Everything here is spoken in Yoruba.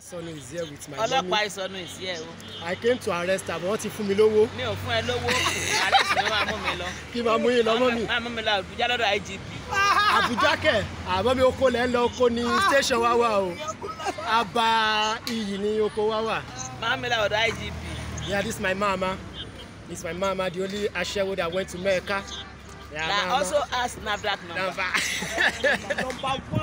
Sọnù is here with my mommy. Ìsọnù is here o. I came to arrest her but wọ́n ti fún mi lówó. Mi ò fún ẹ lówó, arrest mi máa mú mi lọ. Kí máa mú yín lọ mọ́ mi? Máa mú mi lọ Àbújá lọ́dọ̀ IGP. Àbújá kẹ̀, àmọ́ mi oko lẹ́ ń lọ oko ní station wa wà o. Aba iyì ni oko wa wà. Máa mi lọ ọ̀dọ̀ IGP. Yeah, this my mama. This my mama, the only aṣẹ́wó that went to Mecca. Yeah, also has na black number. Number. number one.